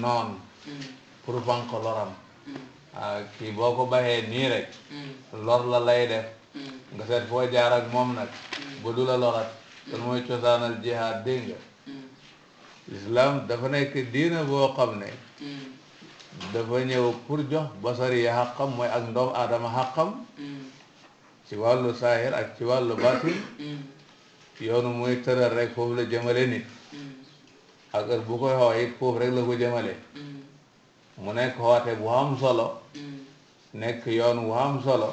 noon mm. pour banque loram mm. ah kii boo ko baxee nii rek mm. lor la lay def nga seet foo jaar ak moom nag bu du la lorat loolu mooy cosaanal jihaad dégg nga islam dafa nekk diina boo xam ne dafa ñëw pour jox basar yi mooy ak ndoom aadama xaqam ci wàllu saahir ak ci wàllu batin yoonu muy tëral rek foofu la jëmale nit ak heure bu koy xoo it foofu rek la ko jëmale mu nekk xoote bu am solo nekk yoon wu am solo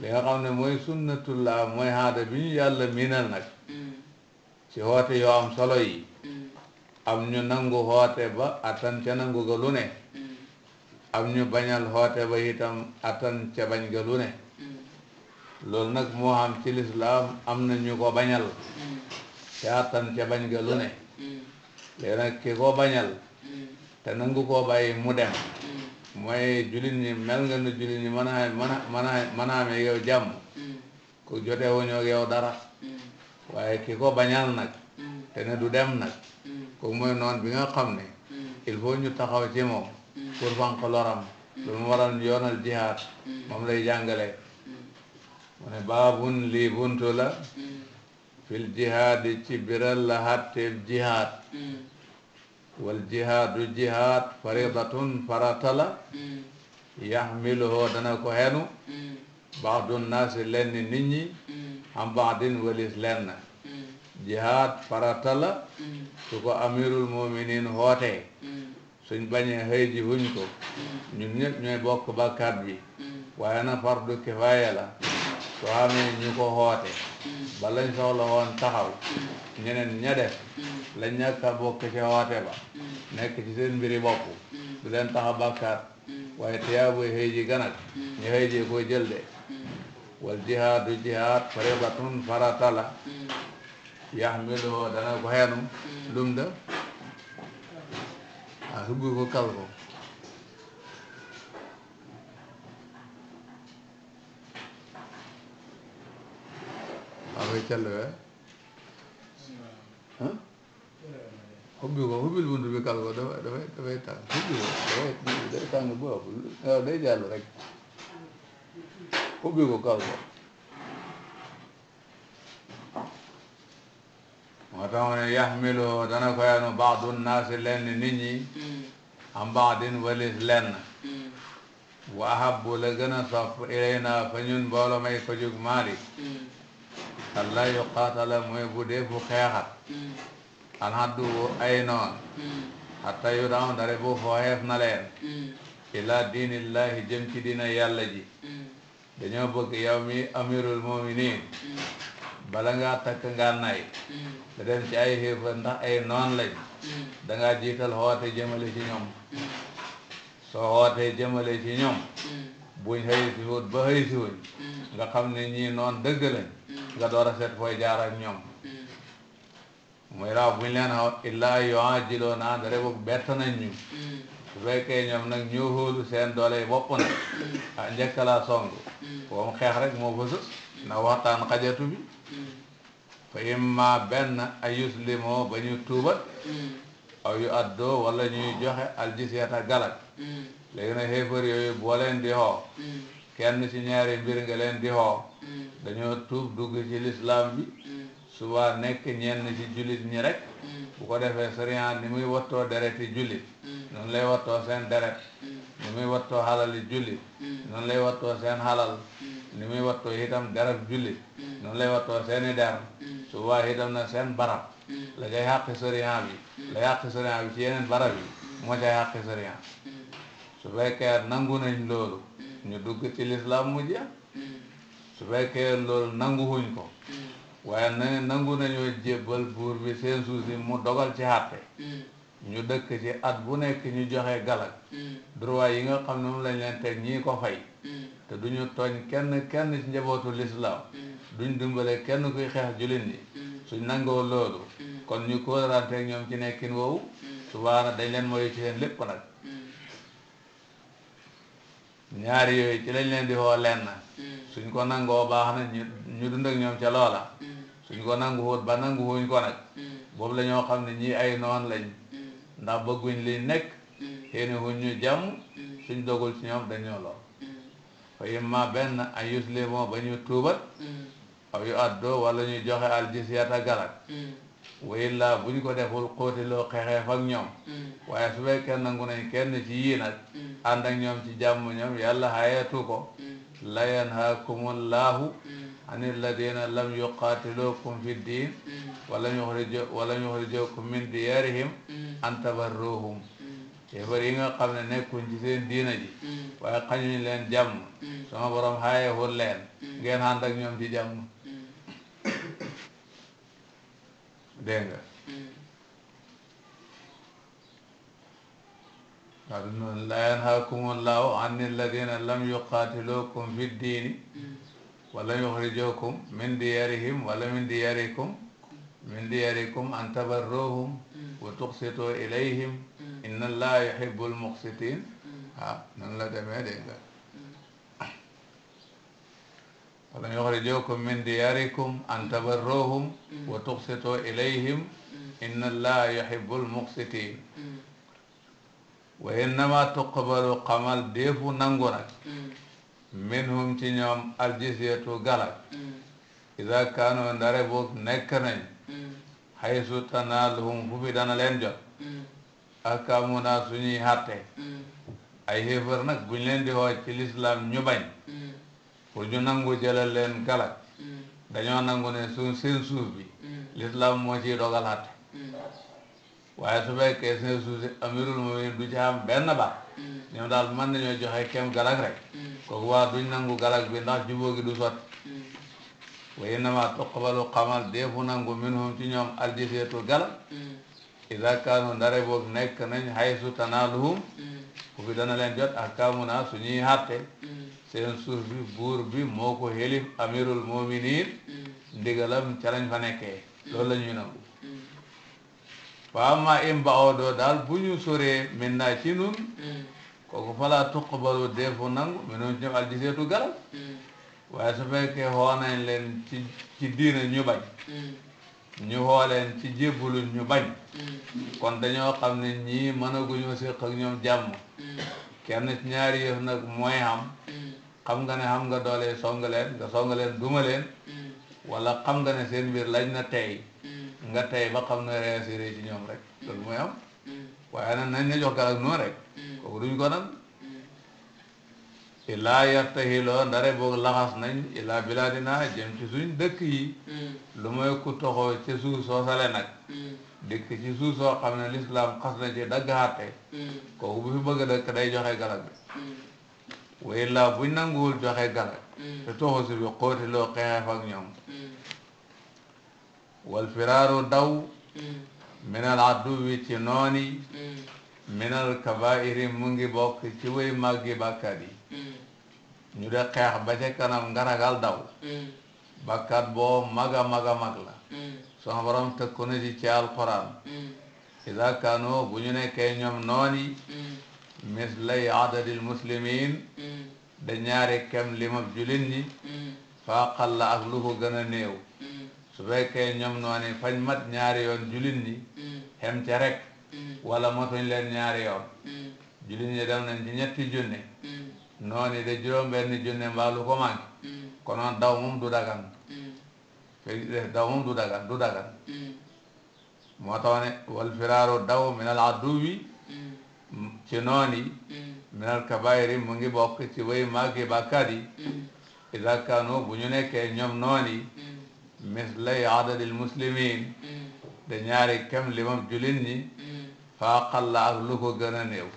li nga xam ne mooy sunnatullah mooy aada bi ñu yàlla miinal nag ci xoote yoo am solo yi am ñu nangu xoote ba attan ca nangu ga lu ne am ñu bañal xoote ba itam attan ca bañ ga lu ne loolu nag moo xam ci lislaam am na ñu ko bañal ca attan ca bañ ga lu ne léegi nag ki koo bañal mm. te nangu koo bàyyi mu dem mm. mooy jullit ñi mel nga nu jullit ñi mën a mën a mën a amee yow jàmm mm. ku jotee wuñoo yow dara waaye ki ko bañal nag te ne du dem nag ko mooy noon bi nga xam ni il faut ñu taxaw ci moom pour fànq loram lu mu waral yoonal jihaad moom lay jàngale mu ne baabun lii buntu la fil jihaadi ci biral la xàtteef jihaad mm. wal jihaadu jihaad faridatun farata la mm. yaxmiluhoo dana ko xenu mm. baxdu naasi lenn nit ñi xam baxdin walis lenn jihaad farata la ko amirul muminin hootee suñ bañee xëy huñ ko ñu ñëpp ñooy bokk bakkat bi waaye na fardu kifaaya la soo ñu ko hoote ba lañ soxla woon taxaw ñeneen ña def lañ ñàkk a ba nekk ci seen mbiri bopp du leen taxa bàkkaar waaye tiyaabu xëy ji ganag ñu xëy ji koo jël de wal jihaadu jihaad faribatun farata la yaxmiluhu dana ko xeenu lum da a hubbi ko kal ko അവയ്ക്കല്ലേ ubbi ko ubbil bunt bi kal ko dafay dafay dafay tàng ubbi ko dafay day tàng bu ëpp day jàll rek ubbi ko kal ko moo tax ma ne yaxmiloo dana ko yanu baadu naasi lenn nit ñi am walis lenn wa la gën a sopp ilayna fa ñun mbooloo may ko jóg maalik kalla yu qaatala mooy bu dee bu xeexat mm. alhaddu ay noon mm. hatta yu daaw dare bu fooxeef na leen mm. ila diinillahi jëm ci dina yàlla ji dañoo bëgg yow mi amirul muminin bala ngaa takk nga nay da dem ci ay xéefa ndax ay noon lañ dangaa jiital xoote jëmale ci ñoom soo xootee jëmale ci ñoom buñ xëy si wut ba xëy si wuñ nga xam ne ñii noon dëgg lañ nga door a seet fooy jaar ak ñoom muy hmm. raw buñ leen xaw illaa yoan jiloo naa da rek bett nañ ñu hmm. su fekkee ñoom nag ñoo seen doole bopp nag hmm. ah, njëkk laa song woom xeex rek moo fa sës na waxtaan xajatu bi fa imma benn ay yuslimo ba ñu tuubat aw yu addoo wala ñuy joxe aljiseeta galak léegi nag xéefar yooyu boo leen di xoo kenn ci ñaari mbir nga leen di xoo mm. dañoo tuub dugg ci lislaam bi mm. suba nekk ñenn ci jullit ñi rek mm. bu ko defee sariya ni muy wattoo dereti jullit noonu lay wattoo seen deret ni muy wattoo xalali jullit noonu lay wattoo seen xalal ni muy wattoo itam derab jullit noonu lay wattoo seeni der suba itam na seen barab la cay xàqi sariya bi la xàqi sariya bi ci yeneen barab yi moo cay xàqi sariya su fekkee nangu nañ loolu ñu dugg ci lislaam mu jeex su fekkee loolu nanguwuñ ko waaye na nangu nañoo jébbal buur bi seen suuf si mu dogal ci àtte ñu dëkk ci at bu nekk ñu joxe galak droit yi nga xam ne moom lañ leen teg ñii ko fay te duñu tooñ kenn kenn njabootu lislaam duñ dumbale kenn kuy xeex jullit ñi suñ nangoo loolu kon ñu kóoraanteeg ñoom ci nekkin woowu subaana dañ leen mooy ci lépp nag ñaari yooyu ci lañ leen di woo lenn mm. suñ ko nangoo baax na ñu ñu dund ak ñoom ca loola mm. suñ ko nangu wóot ba nangu wuñ ko nag mm. boobu lañoo xam ne ñii ay noon lañ ndax bëgguñ liñ nekk xéene wuñ ñu jam suñ dogul ci ñoom dañoo lor fa imma benn ay yuslimoo ba ñu tuubat aw yu addoo wala ñu joxe al jizyata galag wayilla bu ñu ko deful xóotiloo xexeef ak ñoom mm. waaye su fekkee nangu nañ kenn ci yii nag mm. ànd ak ñoom ci jàmm ñoom yàlla xayeetu ko mm. la yanhaakumullahu an alladina lam yuqatilukum fi ddin walam yuxrijo walam yuxrijokum min diyarihim an tabarruhum kéefar yi nga xam ne nekkuñ ci seen diina ji waaye xañuñ leen jàmm sama borom xayeewul leen ngeen ànd ak ñoom ci jàmm dégg nga waaw du noonu laa yanhaakumullahu an alladina lam yuqaatilukum fi ddiini walam yuxrijukum min diyarihim wala min diyarikum min diyarikum an tabarruhum wa tuqsitu ilayhim inna allaha yuhibbu almuqsitin ah noonu la demee dégg nga walam yuxrijukum min diyarikum an tabarruhum wa tuqsitu ilayhim inna allaha yuhibbul muqsitin wa innama tuqbalu xamal déefu nangu nag minhum ci ñoom aljiseetu galak ida kaanu ndare boog nekk nañ xaysu tanaaluhum fu bi dana leen jot akaamuna suñuy xatte ay xéefar nag buñ leen di xooj ci lislaam ñu bañ pour ñu nangu jëlal leen galak mm. dañoo nangu ne suuf seen suuf bi mm. l'islam moo ciy dogal àtte mm. waaye su fekkee seen suuf si amirul du ci am benn ba ñoom daal mën nañoo joxe kem galak rek kooku waa duñ nangu galak bi ndax jubóo gi du sotti wa innama tuqbalu xamal deefu nangu minhum ci ñoom aljiseetu galak ida kaanu ndare boog nekk nañ xaysu tanaaluhum ku bi dana leen jot ak kaamuna suñuy xàtte mm. seen suuf bi buur bi moo ko xelif amirul muminin mm. ndigalam ca lañ fa nekkee mm. loolu la ñuy nangu waaw ma im ba oodoo daal bu ñu soree maintenant ci nun kooku falaa tuqbalu deefu nangu mi noonu ñëw al giseetu garab waaye su fekkee xoo leen ci ci diina ñu bañ ñu xooleen ci jébbalul ñu bañ mm. kon dañoo xam ne ñii mënaguñoo séq ak ñoom jàmm mm. kenn ñaari yëf nag mooy am mm. xam nga ne am nga doole song leen nga song leen duma leen wala xam nga ne seen mbir lañ na tey nga tey ba xam na réassuré ci ñoom rek loolu mooy am waaye nag nañ na jox galag noonu rek kooku duñ ko nag ilaa yartahiloo ndare boog laxas nañ ilaa bilaadina jëm ci suñ dëkk yi mm. lu mooy ku toxoo ci suuf soo sale nag mm. dëkk ci suuf soo xam ne lislaam xas na ci dagg mm. kooku bu fi bëgg dëkk day joxe garab bi way laa buñ nanguwul joxe garab te toxu si bi xóotiloo xeexeef ak ñoom wal firaaru daw minal aduwi ci noon yi minal kabairi mu ngi bokk ci way màggi bàkkaat yi Mm. ñu de xeex ba ca kanam nga ragal daw mm. bakkat boo maga maga mag la mm. sama borom tëkku na ci ci alquran ida kaanoo bu ñu nekkee ñoom noon yi mislay adadil muslimin da ñaari kem limab julin ñi faaqal la ak lu ko gën a néew su fekkee ñoom nooni fañ mat ñaari yoon julin ñi xem ca rek wala matuñ leen ñaari yoon julin ñi dem nañ ci ñetti junne noonu de juróom benn junne mbaa lu ko manqué mm. konoon daw du dagan mm. fii eh, daw moom du dagan du dagan mm. moo tax daw min al aduwi ci noonu yi min al kabaayiri mu ngi bokk ci way màggi bàkkaat yi idaa kaanu bu ñu nekkee ñoom noonu yi mislay adadil muslimin de ñaari kem limam julin ñi fa aqalla ak lu ko gën a néew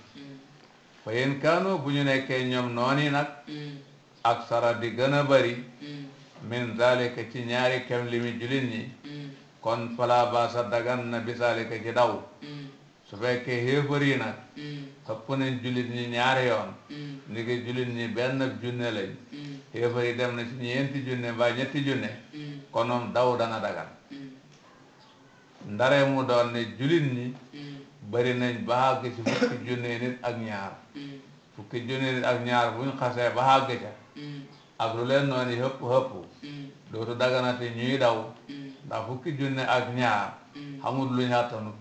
fa yéen kaanu bu ñu nekkee ñoom noon nooni nag mm. ak sara di gën a bari mm. min zalika ci ñaari kem limi julin ñi mm. kon fala baasa dagan na bi zalika ci daw su fekkee xéefar yi nag ëpp nañ jullit ñi ñaari yoon ni ngi jullit ñi benn junne lañ xéefar yi dem na ci ñeenti junne mbaa ñetti junne konoom daw dana dagan ndare mu doon ne jullit ñi bari nañ ba àgg fukki junne nit ak ñaar mm. fukki junne nit ak ñaar buñ xasee ba àgg mm. ak lu leen noonu hëpp hëpp mm. dootu daganate ñuy daw ndax fukki junne ak ñaar xamul lu ñu àttanut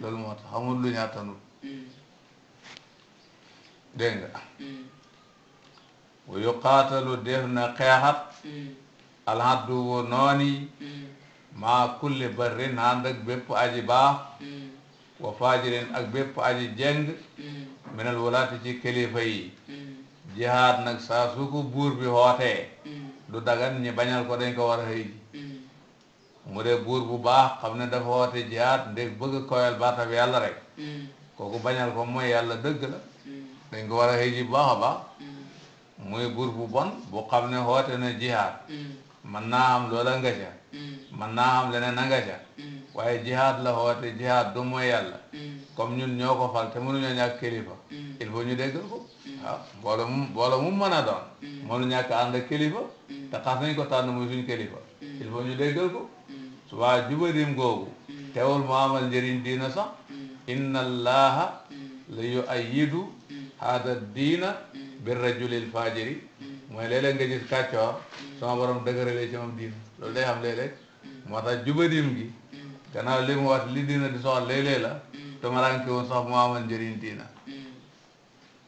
loolu moo tax xamul lu ñu àttanut dégg nga wa yuqaatalu def na xeexat alhaddu nooni maa kulli barrin ànd ak bépp aji baax wa faajirin ak bépp aji jeng mm. minal walaati ci kilifa yi mm. jihaad nag saa su buur bi xootee mm. du dagan ñi bañal ko dañ ko war a xëy ji mu dee buur bu baax xam ne dafa xoote jihaad ndég bëgg koyal baatab yàlla rek kooku bañal ko mooy yàlla dëgg la dañ ko war a xëy ji baax a baax muy buur bu bon bu xam ne xoote na jihaad man naa am loola nga ca man naa am leneen a ca waaye jihaad la woote jihaad du mooy yàlla mm. comme ñun ñoo ko fal te mënuñoo ñàkk kilifa mm. il faut ñu déggal ko waaw mm. ah, mbooloo doon mënu ñàkk ànd ak kilifa te xas nañ ko tànn muy suñ kilifa il faut ñu déggal ko subaa jubadim googu teewul mu amal njëriñ diina sax inna allaha la yu ayidu haada diina bi rajulil fajiri mooy léeg-léeg nga gis kàccoor sama borom dëgëralee ci moom diina loolu day xam léeg-léeg moo tax jubadim gi gannaaw li mu wax li diina di soxla léeg-léeg la tumaranke woon sax mu amal njëriñ diina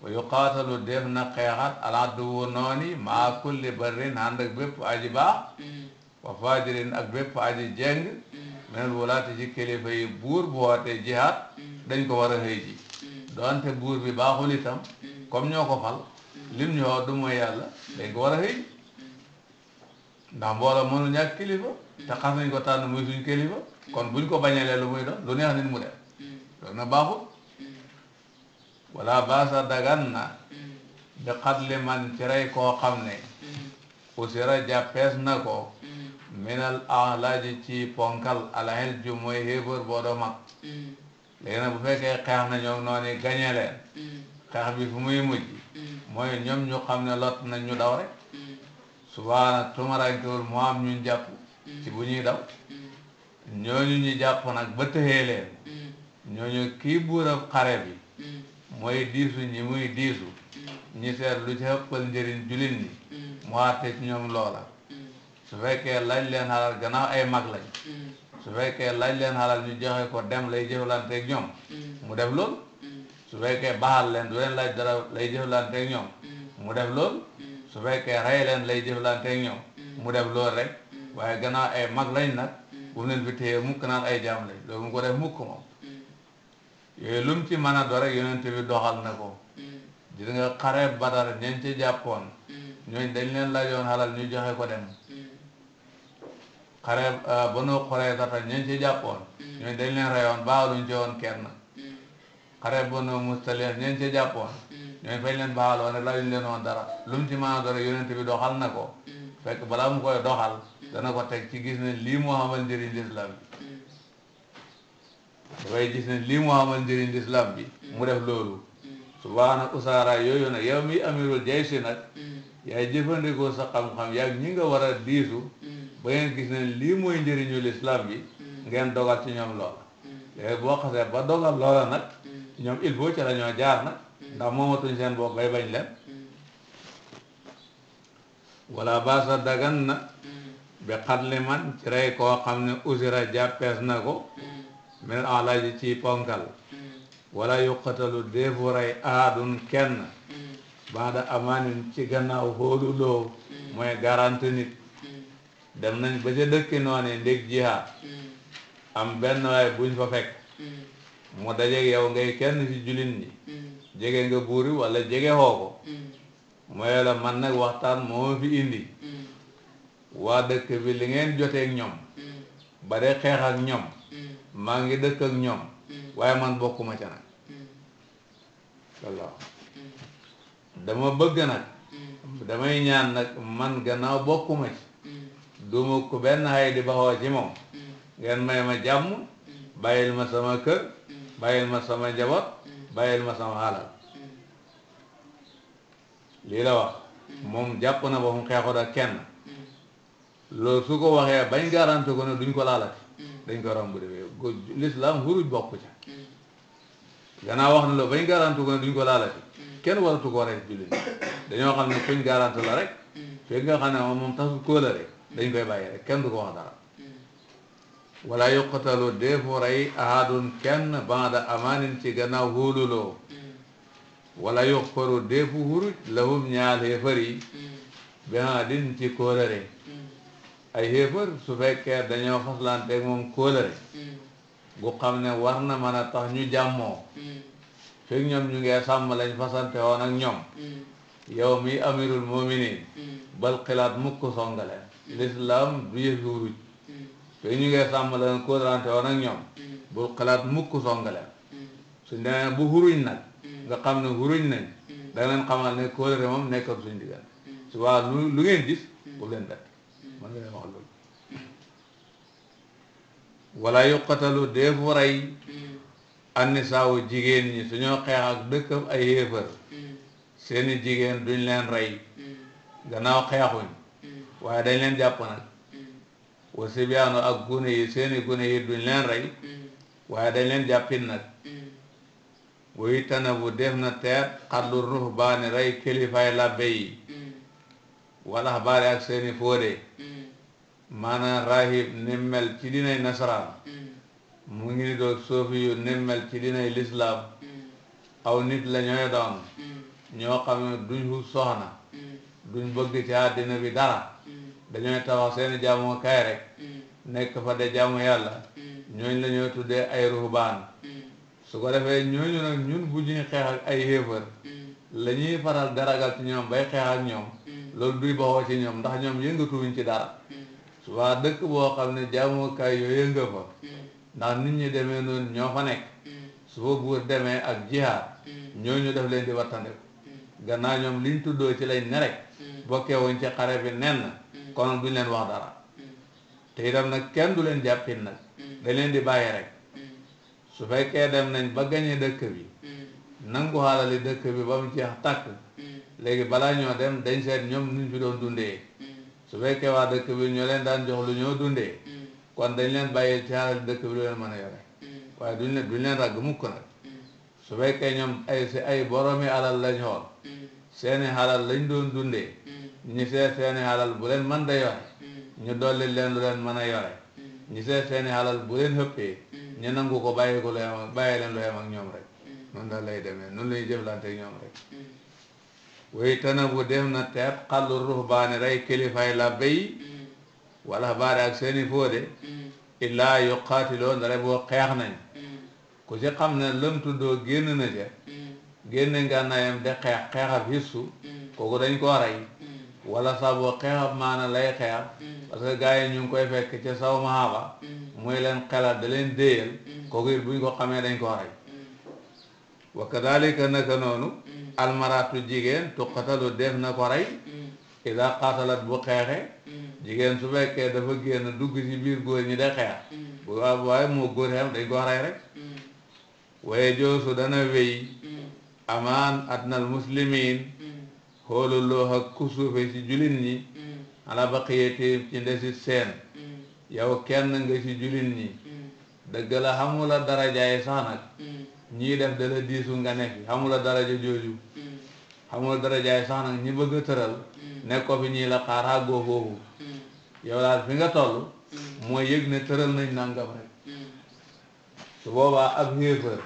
wa yuqaatalu def na xeexat alaaduwu nooni maa kulli barrin ànd ak bépp aji baax wa fajirin ak bépp aji jeng menel wulaati ci kilifa yi buur bu wootee jihaat dañ ko war a xëy doonte buur bi baaxul itam comme ñoo ko fal lim ñoo du mooy yàlla dañ ko war a ndax mbooloo mënul ñàkk kilifa te xam nañ ko tànn muy suñ kilifa kon buñ ko bañalee lu muy doon lu neex nit mu def loolu na baaxul wala baasa dagan na bi xatli man ci rey koo xam ne usira jàppees na ko minal alaaji ci ponkal alahel ju mooy héebër boo doo mag bu fekkee xeex na ñoom noonu gañe xeex bi fu muy mujj mooy ñoom ñu xam ne lot nañ ñu daw rek subaa tumarankewul moo am ñun jàpp ci bu ñuy daw ñooñu ñu jàpp nag ba tëxee leen ñooñu kii buurab xare bi mooy diisu ñi muy diisu ñi seet lu ci ëppal njëriñ jullit ñi mu àtte ñoom loola su fekkee lañ leen xalal gannaaw ay mag lañ su fekkee lañ leen xalal ñu joxe ko dem lay jëflanteeg ñoom mu def loolu su fekkee baxal leen du leen laaj dara lay jëflanteeg ñoom mu def lool su fekkee rey leen lay jëflanteeg ñoom mm. mu def loolu rek mm. waaye gannaaw ay mag lañ nag mm. bu mu fi téye mukk naan ay jaam lañ loolu mu ko def mukk moom yooyu lu ci mën rek yonent bi doxal na ko gis nga xare badar ñeen ci jàppoon ñooñ dañ leen laajoon xalal ñu joxe ko dem xare euh, banu Quraydata ñeen ci jàppoon ñooñ dañ leen reyoon baaluñ ci woon kenn xare banu Mustaliq ñeen ci jàppoon ñooñu eh, fañ leen baaxal woon rek ñu leen woon dara lu mu ci maa dara bi doxal na ko mm. fekk balaa mu koy doxal mm. dana ko teg ci gis ne lii moo xamal njëriñ lislaam bi mm. gis ne lii moo xamal njëriñ lislaam bi mu def loolu su baax nag usaara yooyu nag yow mi amirul jay nag yaay jëfandikoo sa xam-xam yaag ñi nga war a diisu ba ngeen gis ne lii mooy njëriñu lislaam bi ngeen dogal ci ñoom loola léegi boo xasee ba dogal loola nag ñoom il faut ci la jaar nag ndax moomatuñ seen bopp bay bañ leen wala baasa dagan na bi xatli man ci rey koo xam ne usira jàppees na ko min alaaji ci ponkal wala yuqatalu deefu rey aadun kenn baada amaanin ci gannaaw hóolu loo mooy garante nit dem nañ ba ca dëkki noonu ndég jihaad am benn waay buñ fa fekk mu dajeeg yow ngay kenn ci julin ñi jege nga buur bi wala jege xoo ko mm. mooy la man nag waxtaan moo fi indi mm. waa dëkk bi li ngeen joteeg ñoom mm. ba de xeex ak ñoom maa ngi dëkk ak ñoom waaye man bokkuma ca nag dama bëgg nag damay ñaan nag man gannaaw bokkuma ci duma ko benn xay di baxoo ci moom ngeen may ma jàmm bàyyil ma sama kër bàyyil ma sama njaboot bàyyil ma sama alal lii la wax moom jàpp na ba mu xeexut kenn loolu su ko waxee bañ garanti ko ne duñ ko laalati dañ ko romb defee go lislaam xuruj bokk ca gannaaw wax na loolu bañ garanti ko ne duñ ko laalati kenn waratu ko rek jullit dañoo xam ne kuñ garanti la rek fekk nga xam ne moom moom tasu kóolare dañ koy bàyyi rek kenn du ko wax dara wala yuqatalu deefu rey ahadun kenn banda amaanin ci gannaaw hóoluloo mm. wala yuxfaru deefu huruj lahum ñaal xéefar yi mm. bihan din ci kóolare mm. ay xéefar su fekkee dañoo xaslanteeg moom kóolare gu xam ne war na mën a tax ñu jàmmoo fekk ñoom ñu ngee sàmm lañ fasante woon ak ñoom yow mi amirul muminin bal xilaat mukk songaleen l'islam du yëfi huruj yooyu ñu ngay sàmm la ko kóolante woon ak ñoom mm. bul xalaat mukk song leen mm. suñ demee bu huruñ nag mm. nga xam ne huruñ nañ da nga leen xamal ne kóolante moom nekkoon suñ diggante su waa lu lu ngeen gis bu leen bett mën nga leen wax loolu wala yuqatalu deefu rey annisaawu jigéen ñi suñoo xeex ak dëkkam ay yéefar seeni jigéen duñ leen rey gannaaw xeexuñ waaye dañ leen jàpp nag wa sibiyaanu ak gune yi seeni gune yi duñ leen rey mm. waaye dañ leen jàppit nag buy mm. tana bu def na teet xatlu ruux baani rey kilifaay labbe yi mm. wala xabaari ak seeni fóode maanaam rahib nimmel ci dinay nasaraan mu ngi ni doog soofi nimmel ci dinay lislaam aw nit la ñooy doon ñoo xam duñ wut soxna duñ bëgg ci àddina bi dara dañooy tabax seeni jaamukaay rek mm. nekk fa de jaamu yàlla mm. ñooñ la tuddee ay ruhbaan mm. su ko defee ñooñu nag ñun bu ñuy xeex ay xéefar la ñuy faral daragal ci ñoom bay xeex ñoom loolu duy baxoo ci ñoom ndax ñoom yëngatuwuñ ci dara waa dëkk boo xam ne jaamukaay yooyu nga fa ndax nit ñi demee noonu ñoo fa nekk su fa buur demee ak jihaad ñooñu def leen di wattandiku gannaaw ñoom liñ tuddoo ci lañ ne rek bokkee ci xare bi nen kon duñ leen wax dara mm. te itam nag kenn du leen jàppin nag mm. dañ leen di bàyyi rek mm. su fekkee dem nañ ba gañe dëkk bi nangu xaalali dëkk bi ba mu jeex tàkk léegi balaa ñoo dem dañ seet ñoom nuñ fi doon dundee su fekkee waa dëkk bi ñoo leen daan jox lu ñoo dundee kon dañ leen bàyyi ci xaalali dëkk bi lu leen mën a yore waaye duñ leen leen ràgg mukk nag su fekkee ñoom ay si ay boromi alal lañ xool seeni xalal lañ doon dundee ñi seet seeni alal bu leen man da yore mm. ñu dolli leen lu leen mën a yore mm. ñi seet seeni alal bu leen xëppee mm. ñu nangu ko bàyyi ko lu yem ak bàyyi leen lu yem ak ñoom rek noonu la lay demee noonu la ñuy jëflante ak ñoom rek way tana bu dem na teet xallu ruhbaani rey kilifay la bay wala baare ak seeni fóode illaa yu xaatiloo ndare boo xeex nañ ku ci xam ne lam tuddoo génn na ca génne ngànnaayam de xeex xeexab hissu kooku dañ koo rey wala saaboo xeexab maana lay xeex mm. parce que gars yi ñu ngi koy fekk ca saw mahaba mm. muy leen xelal da leen déyal mm. kooku buñ ko xamee dañ ko rey wa kadalika naka noonu na ko rey ida xaatalat bu xeexe jigéen su fekkee dafa génn dugg ci biir góor ñi de xeex bu waa waaye moo góor xam dañ ko rey rek waaye joosu dana wéy amaan adnal muslimin xoolal loo ak ku suufee si jullit ñi mm. ala baqiyati ci ndesi seen mm. yow kenn nga si jullit ñi mm. dëgg la xamula darajaay sax nag ñii def dala diisu nga ne fi xamula daraja jooju xamula darajaay sax nag ñi bëgg a tëral nekk ko fi ñii la xaar àggoo foofu yow daal fi nga toll mooy yëg ne tëral nañ nangam rek su boobaa ab xéefër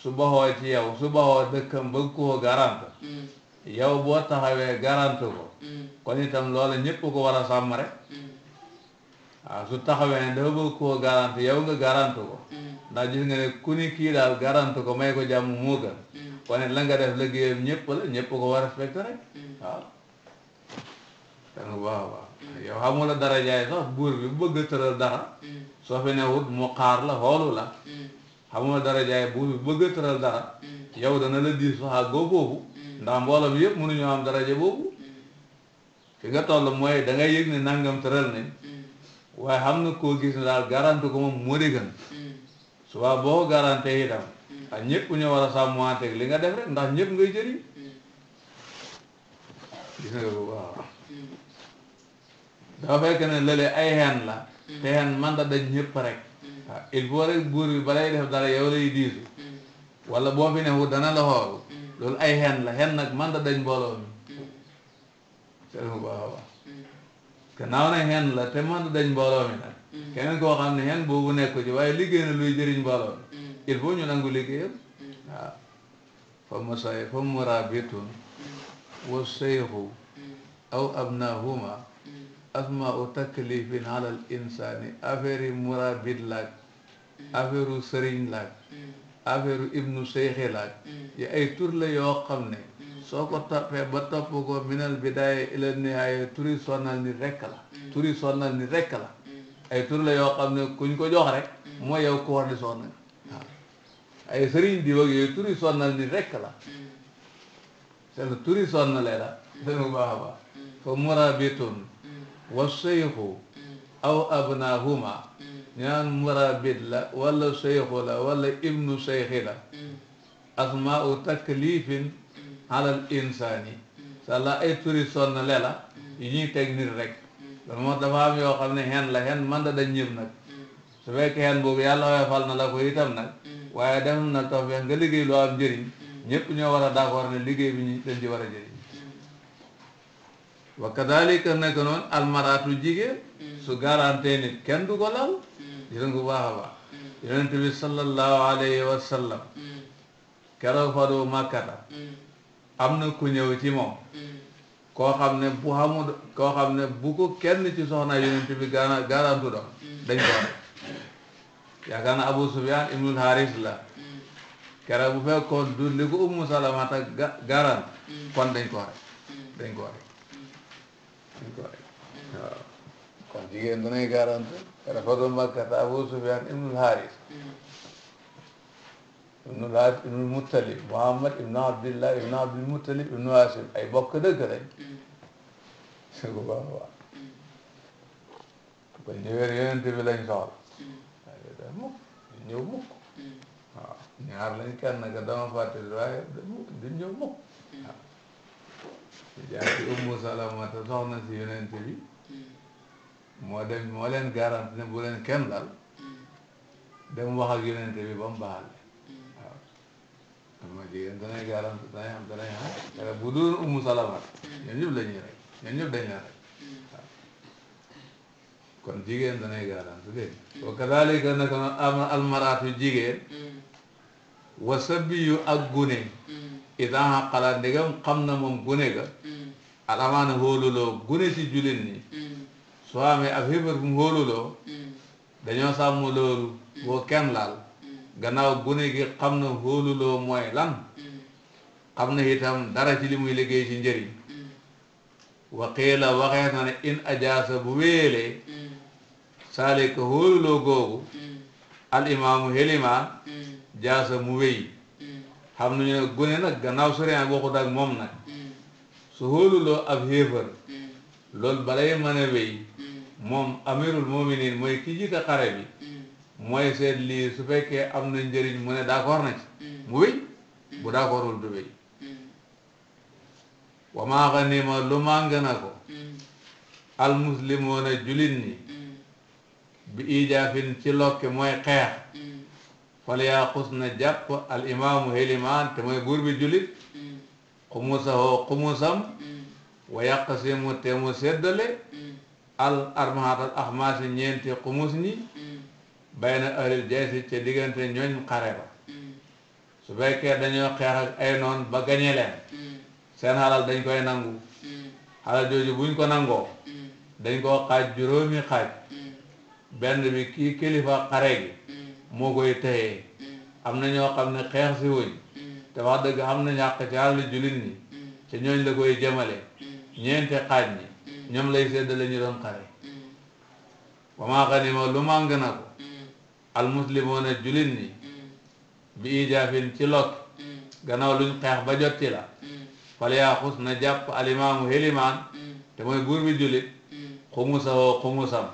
su baxoo ci yow su baxoo dëkkam bëgg koo garant yow boo taxawee garantu ko mm. kon itam loola ñëpp ko war a sàmm rek mm. waaw su taxawee ne dafa bëgg koo garantu yow nga garantu ko mm. ndax gis nga ne ku ni kii daal garantu ko may ko jàmm moo gën kon it la nga def liggéeyam ñëpp la ñëpp ko war a respecté rek waaw ten baax baax yow xamul la dara jaay sax buur bi bu bëgg tëral dara soo fi mu xaar la xoolu la xamul la dara jaay buur bi bëgg tëral dara yow dana la diir sax ak goo foofu ndax mbooloo bi yëpp mënuñoo am daraja boobu fi nga toll mooy da ngay yëg ne nangam tëral nañ waaye xam nga koo gis ne daal garanti ko moom moo di gën suba boo garanti itam ak ñëpp ñoo war a sàmmanteeg li nga def rek ndax ñëpp ngay jëriñ gis nga ko dafa fekk ne lële ay xeen la te xeen man da dañ ñëpp rek waaw il faut rek buur bi balay def dara yow lay diisu wala boo fi newu dana la loolu ay xen la xen nag man dañ mbooloo mi seetlu nga baax a baax gannaaw ne xen la te man dañ mbooloo mi nag keneen koo xam ne xen boobu nekku ci waaye liggéey na luy jëriñ mbooloo il faut ñu nangu liggéeyam waaw fa masay fa murabitun wa seyxu aw abnahuma asmau taklifin alal insani affaire murabit laag affaire u sëriñ laag affaire ibnu seyxi laaj mm. yi ay tur la yoo xam ne mm. soo ko toppee ba topp ko minal bidaaya ila nihaaya turi sonal ni rekk la mm. turi sonal ni rekk la ay tur la yoo xam ne kuñ ko jox rek moo yow ko war di sonal waaw ay sëriñ di yooyu turi sonal ni rekk la seen turi sonnale la dañu baax baax fa murabitun wa seyxu aw abnahuma ñu naan la wala seyxu la wala ibnu seyxi la mm. asmaau taklifin mm. alal insaani mm. sa la ay turi sonn lela yu ñuy teg nit rek loolu moo dafa am yoo xam ne xen la xen man da dañ ñëpp nag su fekkee xen boobu yàlla woyofal na la ko itam nag waaye def na tax feex nga liggéey loo am njëriñ ñëpp ñoo war a d'accord ne liggéey bi ñu dañ ci war a jëriñ wa kadalika nekk noonu almaratu jigéen su garantee nit kenn du ko lal gis nga bu baax bi sallallahu alayhi wa sallam keroog fadu màkkata am na ku ñëw ci moom koo xam ne bu xamul koo xam ne bu ko kenn ci soxna yonent bi gaana garantu doon dañ ko war yaakaar na Abu Sufyaan ibnul Haris la keroog bu fekkoon du li ko Ummu Salamata garant kon dañ ko dañ ko war dañ ko war waaw kon jigéen danay garanti rafadu makkata abu sufyan ibnul haris ibnul haris ibnul muttalib muhammad ibnu abdillah ibnu muttalib ibnu hasim ay bokk dëgg lañ su ko baax baax ba ñëwee yonent bi lañ soxla waaye da mukk du dama fàtte waaye da mukk du ñëw mukk waaw di si yonent bi moo dem moo leen ne bu leen kenn lal mm. dem wax ak yonente bi ba mu baaxal mm. waaw dama jigéen danay garanti danay am danay am kara bu dul umu salama mm. kon jigéen danay garanti dégg wa kadalika naka am almaratu jigéen na moom gune ga alamaana hóoluloo gune ci julin ñi soo amee ab xibaar bu mu hóoluloo mm. dañoo sàmm loolu mm. boo kenn laal mm. gannaaw gune gi xam na hóoluloo mooy lan xam na itam dara ci li muy liggéey ci njëriñ waqiila waxees na ne in ajaasa bu wéelee saalika hóoluloo googu al imaamu helima jaasa mu wéy xam nañu gune nag gannaaw sorian waxut ak moom nag su hóoluloo ab xibaar loolu balay mën a wéy moom amirul muminin mooy ki jiite xare bi mm. mooy seet lii su fekkee am na njëriñ mu ne d'accord na ci mm. mu wéy mm. bu d'accordul du wéy wa maa ganima lu màng na ko almuslimoona jullit ñi bi ijaafin ci lokke mooy xeex falyaa xus na jàpp al imaamu helimaan te mooy buur bi jullit xumusahoo xumusam wa yaqsimu te mu séddale al arbaatal axmaasi ñeenti xumus ñi bayna ahlil jaysi ca diggante ñooñ xare ba su fekkee dañoo xeex ak ay noon ba gañe leen seen xalal dañ koy nangu xalal jooju buñ ko nangoo dañ koo xaaj juróomi xaaj benn bi kii kilifa xare gi moo koy téye am na ñoo xam ne xeex si wuñ te wax dëgg am na ñàkk ci àll jullit ñi ca ñooñ la koy jëmale ñeenti xaaj ñi ñoom lay séddale ñu doon xare mm. wa maa xanima lu màng na ko mm. almuslimoona julin ñi mm. bi ijaafin ci lot gannaaw luñ xeex ba jot ci la fale na jàpp alimaamu helimaan te mooy buur bi julit xumusawoo xumusam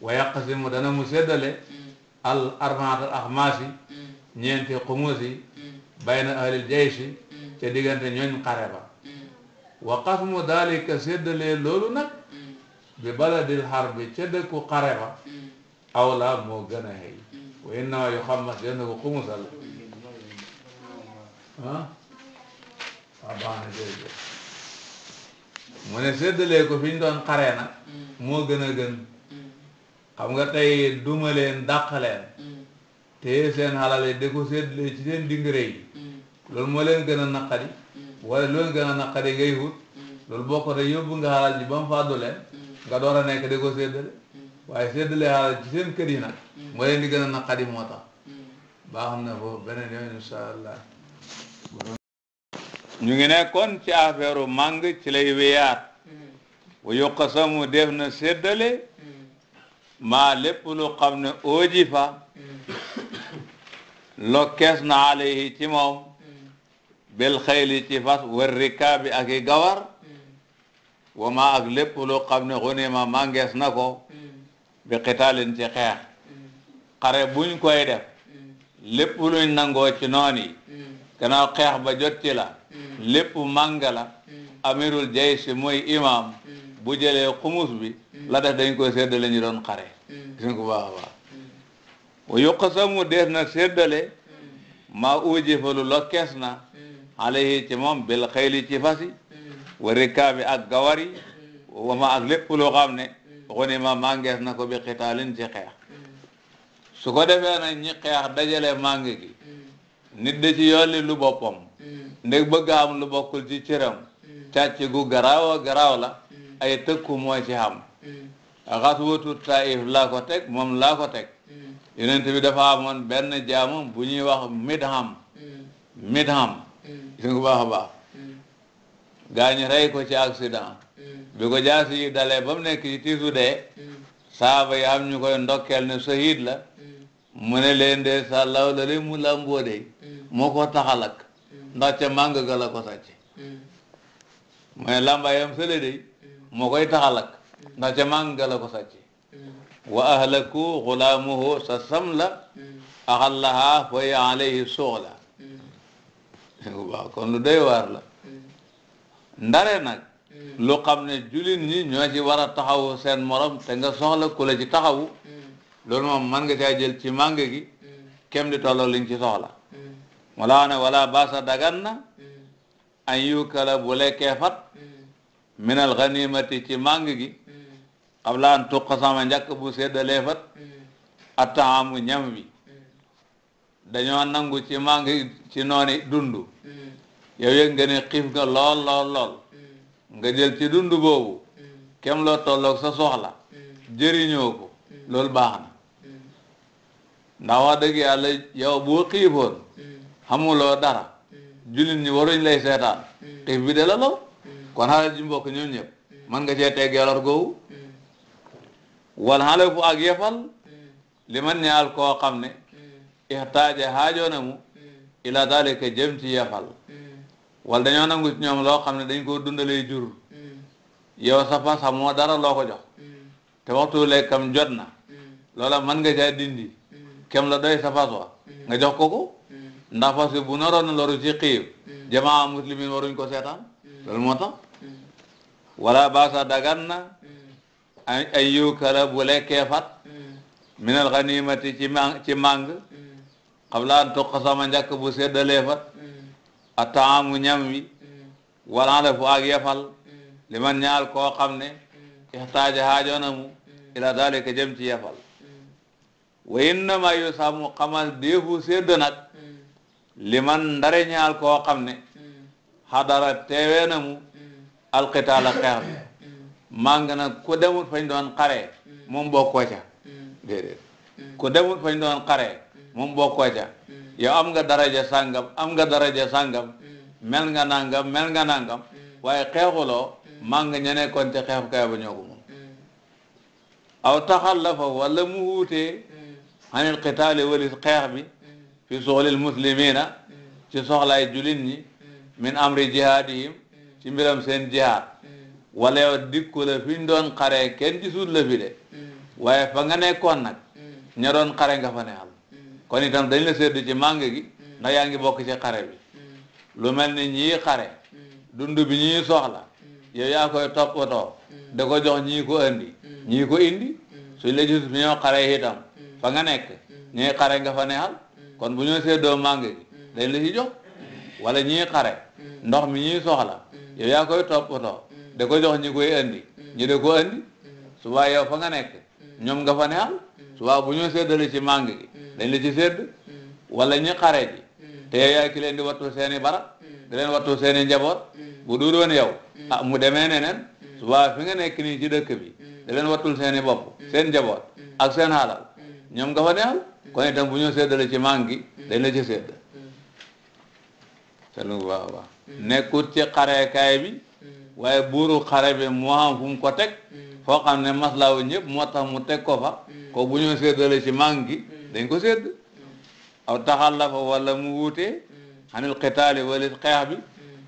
wa yaqsimu dana mu séddale al armaat al axmaasi ñeenti xumus yi bayna ahlil jaysi ca diggante ñooñ xare ba wa qasmu dalika séddalee loolu nag bi baladil xar bi ca dëkku xare ba mm. awla moo gën a xëy mm. wa innama yu xammas yenn ko xumusal ah waaw ah, baax na jërëjëf mu ne séddalee ko fi doon xaree nag mm. moo gën a gën xam nga tey duma leen dàq leen te seen xalal yi di ko ci seen dingre yi moo leen gën a naqari wala loolu gën a naqari ngay wut mm. loolu boo yóbbu nga xalal ji ba mu fàddule mm. nga door a nekk di ko mm. waaye séddale xalal ci seen kër yi nag moo leen gën a naqari moo baax na foofu beneen yoon incha allah ñu ngi nekkoon ci affaire màng ci lay wéyaat wa yuqasamu def na séddale maa lépp lu xam ne ooji fa lokkees na alayhi ci moom bil xayli ci fas war rikaabi ak i gawar mm. wama ak lépp loo xam ne xunima mangees na ko mm. bi xitaalin ci xeex mm. xare buñ koy def lépp luñ nangoo ci noon yi gannaaw xeex ba jot ci la lépp mànga la amirul jaysi mooy imam bu jëlee xumus bi la def dañ koy séddale ñu doon xare gis nga ko baax dees na séddale maa uuji fa lu lokkees na alayhi ci moom bil xayli ci fas yi ak gawari yi ak lépp loo xam ne xuni ma mangees na ko bi xitaalin ci xeex su ko defee nag ñi dajale mànge gi nit da ci yolli lu boppam ndeg bëgg am lu bokkul ci cëram càcc gu garaaw a garaaw la ay tëkku moo ci xam xaswatu taif laa ko teg moom laa ko teg yonent bi dafa amoon benn jaamam bu ñuy wax midham midham gis nga baax baax gaañu rey ko ci accident bi ko jaasi yi dalee ba mu nekk ci tiisu dee saaba yi am ñu koy ndokkeel ne sahid la mu ne leen de sa law la de mu lamboo de moo ko taxalak ndax ca màng ga la ko sàcc mu ne lambaayam sële de moo koy taxalak ndax ca màng ga la ko sàcc wa ahlaku xulaamuhu la waaw kon lu doy waar la hmm. ndare nag hmm. lu xam ne jullit ñi ñoo ci war a taxawu seen morom te nga soxla ku la ci taxawu hmm. loolu moom man nga caa jël ci mànge gi kem di tolloo liñ ci soxla mu laa ne wala baasa dagan na an yukala bu lekkee fat minal ganimati ci mànge gi xam laan tuq sama njàkk bu seddalee fat attaamu ñam wi dañoo nangu ci maa ngi ci nooni dund mm. yow yëg nga ne xiif nga lool lool mm. nga jël ci dund boobu mm. kem loo tollook sa soxla jëriñoo ko loolu baax na ndax wax dëgg yàlla yow boo xiifoon xamuloo dara jullit ñi waruñ lay seetaan xiif bi de la lool kon xalal ji mbokk ñoom ñëpp man nga cee teg yolor googu wal xale fu ak yefal li man ñaal koo xam ne ihtaaja haajoo na mu mm. ila dalika jëm ci yefal mm. wala dañoo nangu ñoom loo xam ne dañ ko dundalee jur mm. yow sa fas xamoo dara loo ko jox te waxtu lekkam jot na loola man nga caa dindi kem la doy sa wa nga jox ko ko ndax parce que bu naroon loru ci xiib jamaa muslimin waruñ ko seetaan loolu moo tax baasa dagan na ay ay yuukala bu lekkee fat minal ci mang qabla an tuqasama njëkk bu seddalee fa mm. a taamu ñam wi mm. wala defu ak yefal mm. li man ñaal koo xam ne ixtaaja haajoona mu ila dalika jëm ci yefal wa innama yusamu xamal deefu sedd nag li man ndare ñaal koo xam ne hadara teewee na mu alqitaal ak xeex bi màng nag ku demut fañ doon kare moom bokkoo ca déedéet ku demut fañ doon xaree moom boo koy def mm. yow am nga daraja sàngam am nga daraja sàngam mm. mel nga nangam mel nga nangam mm. waaye xeexuloo maa nga ñeneen kon ci xeexu kay ba ñoo ko moom aw taxallafa wala mu wuutee xanil xitaali walis xeex bi fi soxlil muslimina ci soxlaay julin ñi min amri jihaadihim ci mbiram seen jihaad wala yow dikku la fi ñu doon xaree kenn ci suut fi de waaye fa nga nekkoon nag ña doon xare nga fa neexal kon itam dañ la seddu ci màng gi mm. ndax yaa ngi bokk ci xare bi mm. lu mel ni ñii xare mm. dund bi ñii soxla yow yaa koy toppatoo da ko jox ñii ko indi ñii ko indi suñ la gis ñoo nga nekk ñii nga fa neexal kon bu ñoo seddoo màng gi dañ la jox wala ñii xare ndox mi ñii soxla yow yaa koy toppatoo da ko jox ñi koy indi ñi da ko indi subaa yow fa nga nekk ñoom nga fa neexal tubaab bu ñu séddale ci màng gi mm. dañ la ci sédd mm. wala ñi xare mm. te yaay ki leen di wattu seeni barab di leen wattu seeni njaboot bu du doon yow ah mu demee ne nen waa fi nga nekk nii ci dëkk bi di leen wattul seeni bopp seen njaboot ak seen xalal ñoom nga fa neexal kon itam bu ñu séddale ci màng gi la ci sédd seetlu bu baax a baax nekkut ci xarekaay bi waaye buuru xare bi moo xam fu ko teg foo xam ne maslaa wu ñëpp moo tax mu teg ko fa mm. ko bu ñu séddale ci mang mm. dañ ko sédd mm. aw taxallafa wala mu wuutee xanil xitaali walit xeex bi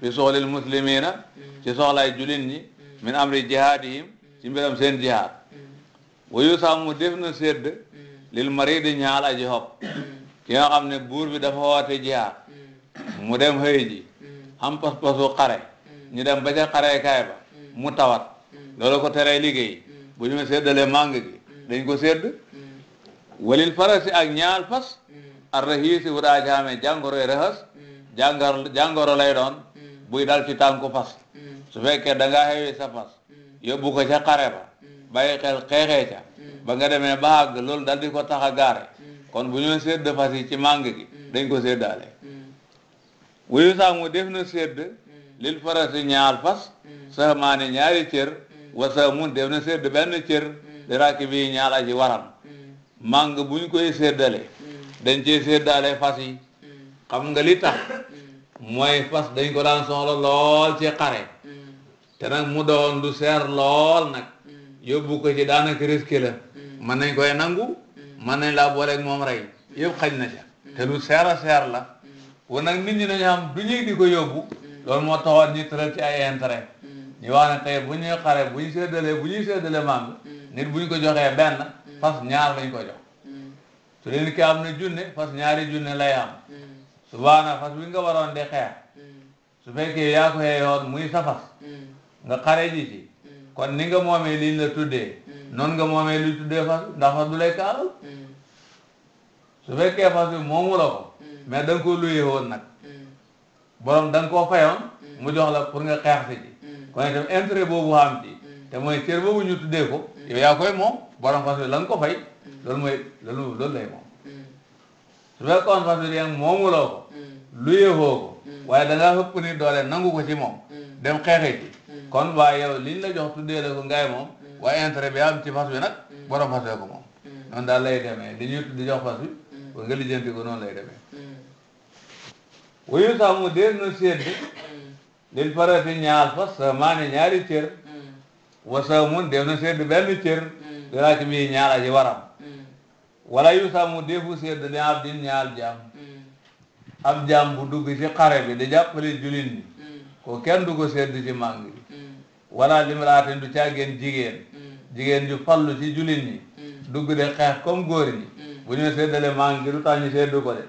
fi soxlil muslimina ci soxlaay julin ñi min amri jihaadihim ci mbiram seen jihaad wayu sàmmu def na sédd lil mari di ñaal aji xob ki nga xam ne buur bi dafa woote jihaad mu dem xëy ji am pas-pasu xare ñu dem ba ca ba mu tawat loolu ko teree liggéey mm. bu ñu ma séddalee màng gi mm. dañ ko sédd mm. walil farasi ak ñaal fas ar rahiisi wu daa jaame jàngoroy raxas jàngoro jàngoro lay doon buy dal ci tànku fas su fekkee da ngaa xewi sa fas yóbbu ko ca xare ba bàyyi xel xeexee ca ba nga demee ba àgg loolu dal di ko tax a gaare kon bu ñu sédd fas yi ci màng gi dañ ko séddaale wuyu saamu def na sédd lil farasi ñaal fas saxmaani ñaari cër wasaamun def na sédd benn cër mm. di raaki bi ñaal aji waram mm. màng bu ñu koy séddale mm. dañ cee séddale fas yi xam nga li tax mooy fas dañ ko daan soxla lool ci xare te nag mu doon lu seer lool nag yóbbu ko ci daanaka risque la mën nañ koy nangu mën nañ laa booleeg moom rey yëpp xaj na ca te lu seer a seer la wan nag nit ñi dañu xam du ñuy di ko yóbbu loolu moo taxoon ñu tëral ci ay intérêt ñu wax ne tey bu ñuy xare bu ñu séddalee bu ñuy séddalee màng mm. nit bu ñu ko joxee benn mm. fas ñaar lañ ko jox mm. su leen ki am na junne fas ñaari junne lay am subaana fas wi nga waroon di xeex su fekkee yaa nga xare ji ci kon ni nga moomee liñ la tuddee noonu nga moomee liñ ndax fas du lay kaalal su fekkee fas bi moomu la ko mais da nga koo luyee woon nag borom da nga fayoon mu jox la pour nga xeex si ji waaye itam intérêt boobu nga am ci mm. te mooy cër boobu ñu tuddee ko mm. yow yaa koy moom borom fas bi la ko fay mm. loolu mooy loolu loolu lay moom su fekkoon fas bi yéen moomuloo ko luyeefoo ko waaye da ngaa ni doole nangu ci moom dem xeexe ci kon waaye yow liñ la jox tuddee ko ngaay moom waaye intérêt bi am fas bi nag borom fas bi ko moom noonu daal lay demee li ñuy di jox fas bi ba nga lijjanti ko lay demee wuyu saamu dee na séeddi lil farati ñaal fas samaani ñaari cër mm. wasa mun def na sédd benn cër mm. dalaa ci mii ñaal aji waram mm. wala yu sàmmu defu sédd li ab din ñaal jaam ab jaam bu dugg ci xare bi di jàppale julin bi ko kenn du ko sédd ci màng bi wala limraatin du caageen jigéen jigéen ju fallu ci julin ñi dugg de xeex comme góor ñi bu ñu séddale màng gi du tax ñu sédd ko de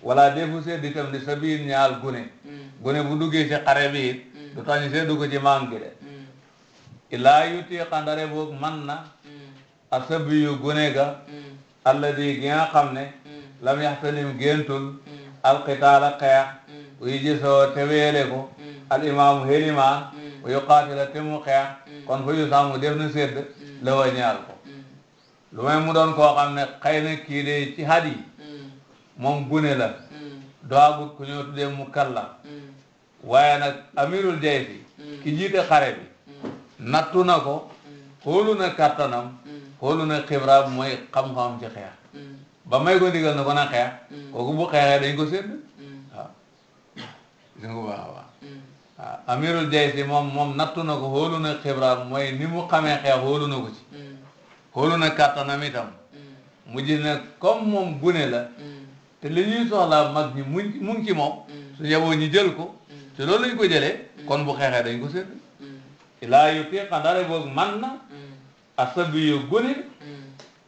wala defu sédd itam li sabiin ñaal gune gone bu duggee ci xare bi mm. du tax ñu seddu ci maam gi de mm. ilaa yu tii xandare boog man na mm. asabi yu gone ga alladi gi nga xam ne lam yaxtalim géntul alqitaala xeex uyi ji soo teweele ko al imaamu helimaan wa yuqaatila te mu xeex kon fu yu saamu def na sedd la wañaal ko lu mu doon koo xam ne xëy na kii de ci had yi gune la doo agut ku ñëw tuddee mu kalla waaye nag amirul jay bi mm. ki jiite xare bi mm. nattu na ko mm. xoolu na kàttanam xoolu na xibraam mooy xam-xam ci xeex ba may ko ndigal na ko na xeex kooku bu ko sédd waaw gis nga baax a baax waaw amirul jay moom moom nattu na ko xoolu na xibraam mooy ni mu xamee xeex xoolu na ko ci xoolu na kàttanam itam mu gis ne comme moom gune la te li ñuy soxlaa mag ñi mu mu ngi ci moom su yeboo ñu jël ko te loolu lañ koy jëlee mm. kon bu xeexee dañ ko mm. i lay yu kii xandare boog man na mm. asabi yu gune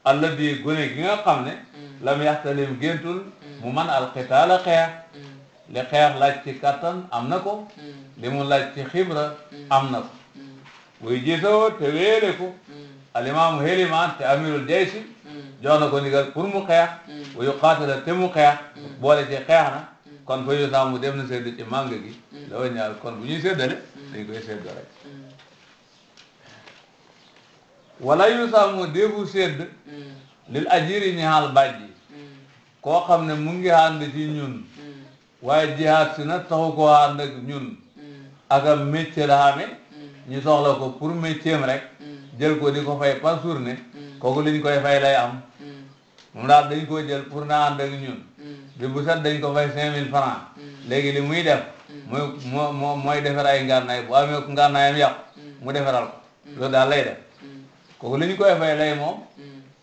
alla bi gune gi nga xam ne lam yaxtalim géntul mu man alxitaala xeex li xeex laaj ci kattan am na ko li mu laaj ci xibra am na ko buy jiitoo te wéere ko alimaamu heliman te jaysi jox na kon ndigal pour mu xeex wa yuqaatila te mu xeex boole ci xeex na kon fa yu saamu dem na séddu ci màng gi mm. la wa ñaar kon bu ñuy séddale mm. dañ koy séddu rek mm. wala yu saamu déebu sédd lil ajiri ñaal bàjji koo xam ne mu ngi ànd ci ñun waaye jihaat si nag taxu koo ànd ak ñun ak a métier la ñu soxla ko pour métier rek jël ko di ko fay par journée kooku liñ koy fay lay am moom daal dañ koo jël pour na ànd ak bi bu set dañ ko fay cinq mille francs mm. léegi li muy def mm. mooy moo moo mooy defar ay ngànnaay bu amee ngànnaayam yàqu mm. mu defaral ko loolu daal lay def kooku li ñu ko fay lay moom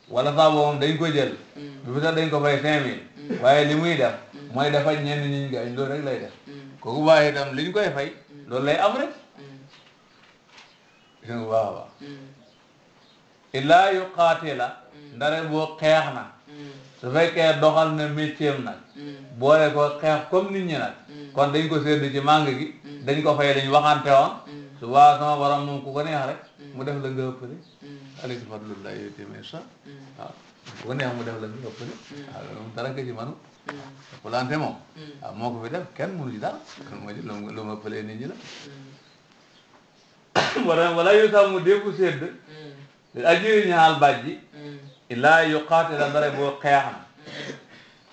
wala saabu moom dañ ko jël bi bu set dañ ko fay cinq mille waaye li muy def mooy dafa ñenn ñi ñu gaañ loolu rek lay def kooku waaye itam li ñu koy fay loolu lay am rek waaw illaa yu qaatila ndare boo xeex na su fekkee doxal na métier nag mm. boole ko xeex comme nit ñi nag mm. kon dañ ko séddu ci màng gi mm. dañ ko fay dañ waxante woon su waa a borom moom ku ko neex rek mu def la nga ëppale a fadlullah yooyu tamit sax waaw ku ko mu def la nga ëppale waaw moom dara moo ko fi def kenn mënu ci dara kon moo ci lu ma ëppalee nit ñi la wala wala sax mu déggu sédd ajiri ñaal bàjji ilaa yuqaatila darabu xeexam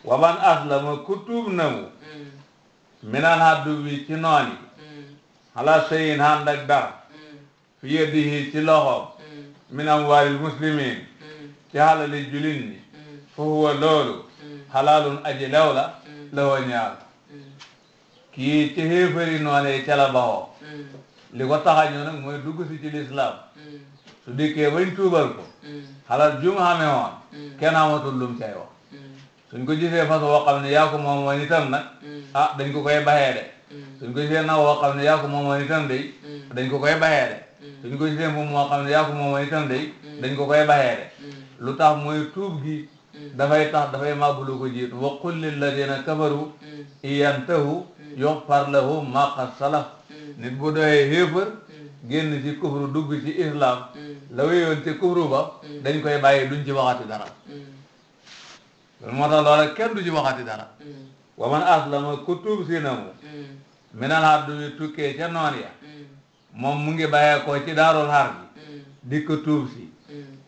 wa man aslama ku tuub na mu minaan haddu bi ci noon yi xalaa sëyin ànd ak dara fi ci loxoom min amwaalil muslimin ci xalali julin ñi fa huwa loolu xalaalun aji lew la lawa ñaal kii ci xéefari noonee ca la baxoo li ko tax a mooy dugg ci lislaam su dikkee bañ tuubal ko xalal ju ma xamee woon mm. lum cay wax mm. suñ ko gisee façon woo xam ne yaa ko moom na mm. a ah, dañ ko koy baxee de suñ ko gisee nag woo xam ne yaa ko moom woon dañ ko koy baxee de suñ ko gisee moom moo xam ne yaa ko moom woon itam dañ ko koy baxee lu tax mooy tuub gi dafay tax dafay màggulu ko jiit wa qul lilladina kafaru iyantahu yughfar lahum ma qad salaf nit bu doyee xéefar génn ci kufru dugg ci islam la wéyoon ci kufru ba mm. dañ koy bàyyi duñ ci waxati dara mm. loolu moo tax loola kenn du ci waxati dara mm. wa man aslama ku tuub na mu minal haddu bi tukkee ca noon ya moom mu ngi bàyyee ko ci daarul har bi di ko tuub si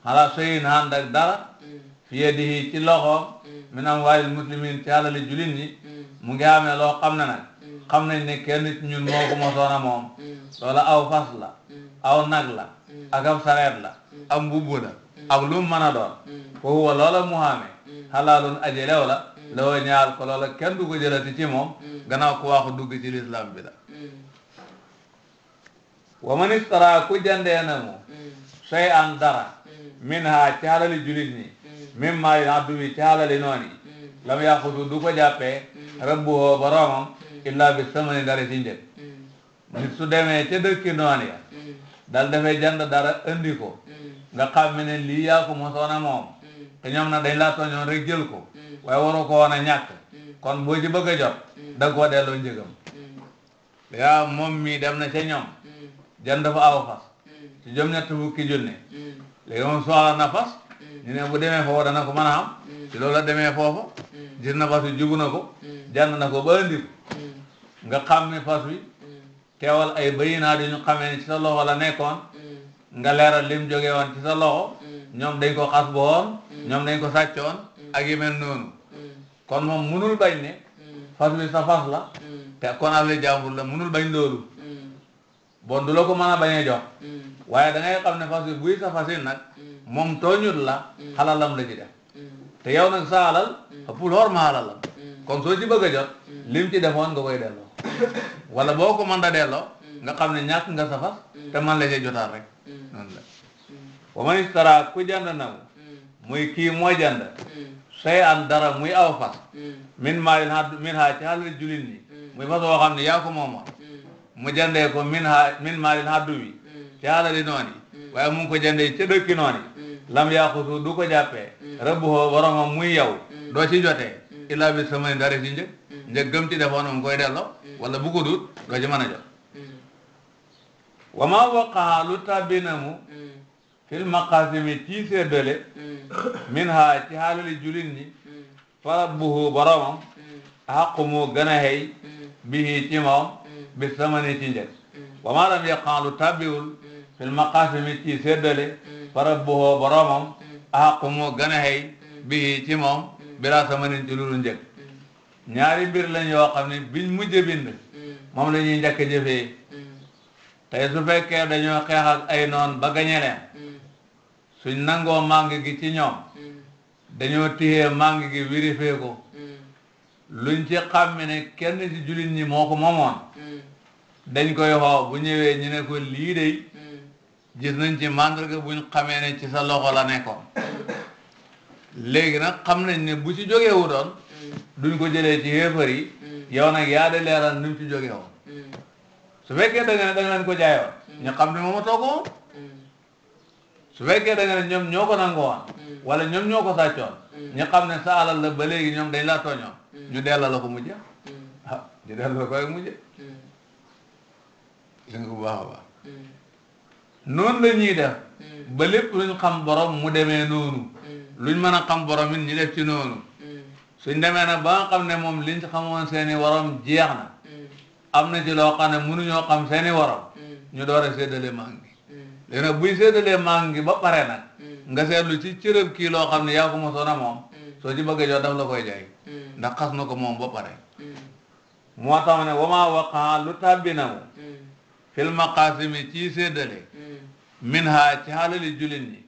xala soyin ànd ak dara fi yadihi ci loxoom min amwaalil muslimin ci alali julin ñi mu ngi amee loo xam ne nag xam nañ ne ken ci ñun moo ko mosoon a moom loola aw fas la aw nag la ak ab la ab mbubb ak lu mu mën a doon wa huwa loola mu xaame xalaalun aji lew la loo ñaal ko loola kenn du ko jëlati ci moom gannaaw ku waaxu dugg ci lislaam bi la wa man istara ku jëndee na mu sey an dara min ha ci xalali julit ñi min maa yu addu ci xalali noonu lam yaxutu du ko jàppee rabbuhoo boroomam illaa bi samani dara ci njëg nit su demee ca dëkki noonu dal dafay jënd dara andi ko mm. nga xam ne lii yaa ko mosoon a moom mm. te ñoom nag dañ laa tooñoon rek jël ko mm. waaye waroo ko woon a kon boo ci bëgg a jot da nga koo delloo njëgam yaa moom mii dem na ce ñoom jënd fa aw fas ci jom ñett fukki junne léegi moom soxla na fas bu demee foofu dana ko mën a la demee foofu gis na fas wi na ko jënd na ko ba andi ko nga xam fas wi teewal ay bayinaat yu ñu xamee ni ci sa loxo la nekkoon mm. nga leeral lim joge woon ci sa loxo mm. ñoom dañ ko xas boon mm. ñoom dañ ko sàccoon ak yu mel noonu kon moom munul bañ ne fas wi sa fas la te kon affaire jàmbur la munul bañ loolu bon du la ko mën a bañee jox waaye da ngay xam ne fas wi buy sa fasin nag moom tooñul la xalalam la ci def te yow nag sa alal ëppul xor ma xalalam kon soo ci bëgg lim ci defoon nga koy delloo wala boo ko mënta delloo mm. nga xam ne ñàkk nga sa fas mm. te man la cee jotaat rek mm. noonu wa man istara ku jënd na muy kii moo jënd say an dara muy aw fas min maalin ha min ha ci xàlal julin ñi muy fas woo xam ne yaa ko moomoon mu jëndee ko min ha min maalin ha duwi ci xàlali noon yi waaye mu ngi ko jëndee ca dëkki noon lam yaa xusu du ko jàppee rëbb hoo waromam muy yow doo ci jotee illaa bi samani dara ci njëg njëggam ci defoon mu koy delloo wala bu ko dut doo ci mën a jot wa ma waqaa mu fil maqasimi ci seddale min ha ci xaalali julin ñi fa rabbuhu boromam xaqu mu gën bihi ci moom bi samani ci njëg wa ma lam yaqaa lu tàbbiwul fil maqasimi ci seddale fa rabbuhu boromam xaqu mu gën bihi ci moom bila samani ci lulu njëg ñaari mbir lañ yoo xam ne biñ mujj bind mm. moom la ñuy njëkk jëfee mm. su fekkee dañoo xeexal ay noon ba gañe mm. suñ nangoo màng gi ci ñoom dañoo tiyee màng gi wirifee ko luñ ci xàmmi ne kenn ci jullit ñi moo ko moomoon dañ ko xoo bu ñëwee ñu ne ko lii day gis nañ ci màndarga buñ xamee ne ci sa loxo la nekkoon léegi nag xam nañ ne bu ci jógee wu duñ ko jëlee ci xéefar yi mm. yow nag yaa de leeral nu mu ci jógee woon mm. su fekkee da ko jaayoon mm. ñu xam ne mooma too ko moom su fekkee da nga ne ñoom ñoo ko nangowoon wala ñoom ñoo ko sàccoon ñu xam ne saalal alal la ba léegi ñoom dañ laa ñu delloo la ko mu jeex ah ñu delloo la ko ak mu jeex gis nga bu baax a baax la ñuy def ba lépp luñ xam borom mu demee noonu luñ mën a xam borom it ñu def ci noonu suñ demee nag ba nga xam ne moom liñ xamoon seeni waroom jeex na mm. am na ci loo xam ne mënuñoo xam seeni waroom mm. ñu door a séddale mang gi mm. léegi nag buy séddalee mang gi ba pare na nga seetlu ci cërëb kii loo xam ne yaa ko mosoon a moom soo ci bëggee jox daf la koy jaay ndax xas na ko moom ba pare moo tax ne wo ma wamaa waqaa lu tàbbi na mu fil maqaasimi ci séddale min ha ci xaalali julin ñi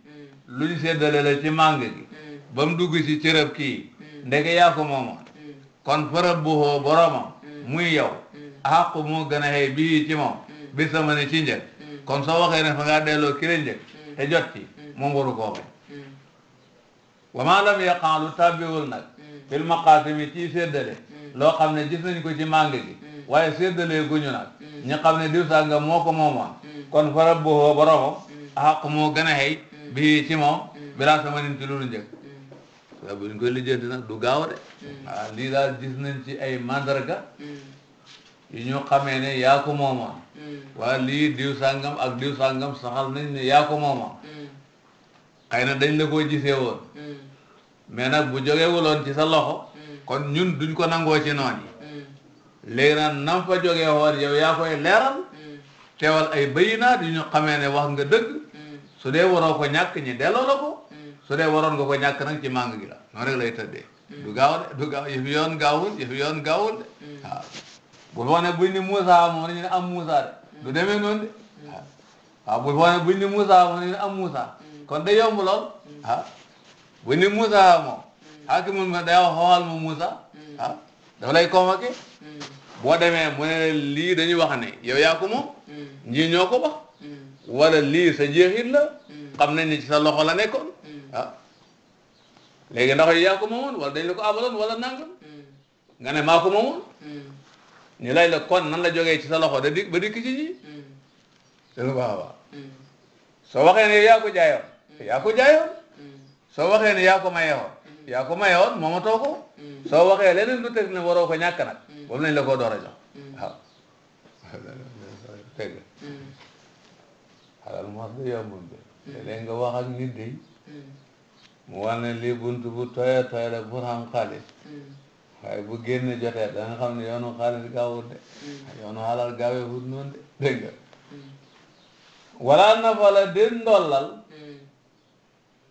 lu séddale la ci mang gi ba mu dugg ci cërëb kii ndege yaa ko moomoon mm. kon farab bu hoo boromam mm. muy yow a mm. xaqu moo gën a xëy bii ci moom bi sama ne ci njëg kon soo waxee ne fa ngaa delloo ki te jot ci moom waru wa maa lam yaqan lu tàbbiwul nag fil maqaasimi ci séddale loo xam ne gis nañ ko ci màng gi waaye séddalee guñu nag ñi xam ne diw sànga moo ko moomoon kon fa rabbuhu boromam a xaq moo gën a xëy bii ci moom bilaa sama nin ci loolu njëg nga bu ñu koy lijjanti nag du gaaw de ah lii daal gis nañ ci ay mandarga hmm. yu ñu xamee ne yaa moomoon hmm. waa lii diw sàngam ak diw sàngam saxal nañ ne yaa moomoon xëy na dañ la ko gisee woon mais nag bu jógee wuloon ci sa loxo kon ñun duñ ko nangoo ci noon yi léegi nag nam fa jógee woon yow yaa koy leeral teewal ay bayinaat yu ñu xamee ne wax nga dëgg su dee waroo ko ñàkk ñi delloo la ko so dee waroon nga ko ñàkk nag ci màng gi la noonu rek lay tëddee du mm. de du gaaw yëfi yoon gaawul yëfi yoon gaawul de mm. bu foog ne buñ ni Moussa moom nañu ne am Moussa de mm. du demee noonu de waaw bu foog ne buñ ni Moussa moom nañu ne am Moussa kon day yomb lool ah buñ ni Moussa moom lay convoqué boo demee mu lii dañuy wax ne yow yaa ko moom ñii ñoo ko wax wala lii sa jeexit la xam nañ ne sa loxo la nekkoon ah léegi ndax yaa ko moomoon wala dañ la ko abaloon wala nangam hmm. nga ne maa ko moomoon hmm. ñu lay la kon nan la jógee ci sa loxo da dik ba dikk ci ñi dana hmm. baax soo waxee ne yaako ko jaayoon yaa ko jaayoon soo waxee ne yaa ko mayeewoon yaa ko mayeewoon moomatoo ko soo waxee leneen lu teg ne waroo ko ñàkk nag boobu nañ la koo door a jox waaw dégg nga xalal mos da yombul nga wax ak day mu na lii buntu bu tooyee tooyee la bu xam xaalis waaye bu génn jotee da nga xam ne yoonu xaalis gaawut de mm. yoonu xalal gaawee wut de mm. dégg nga wala nafa den ndollal mm.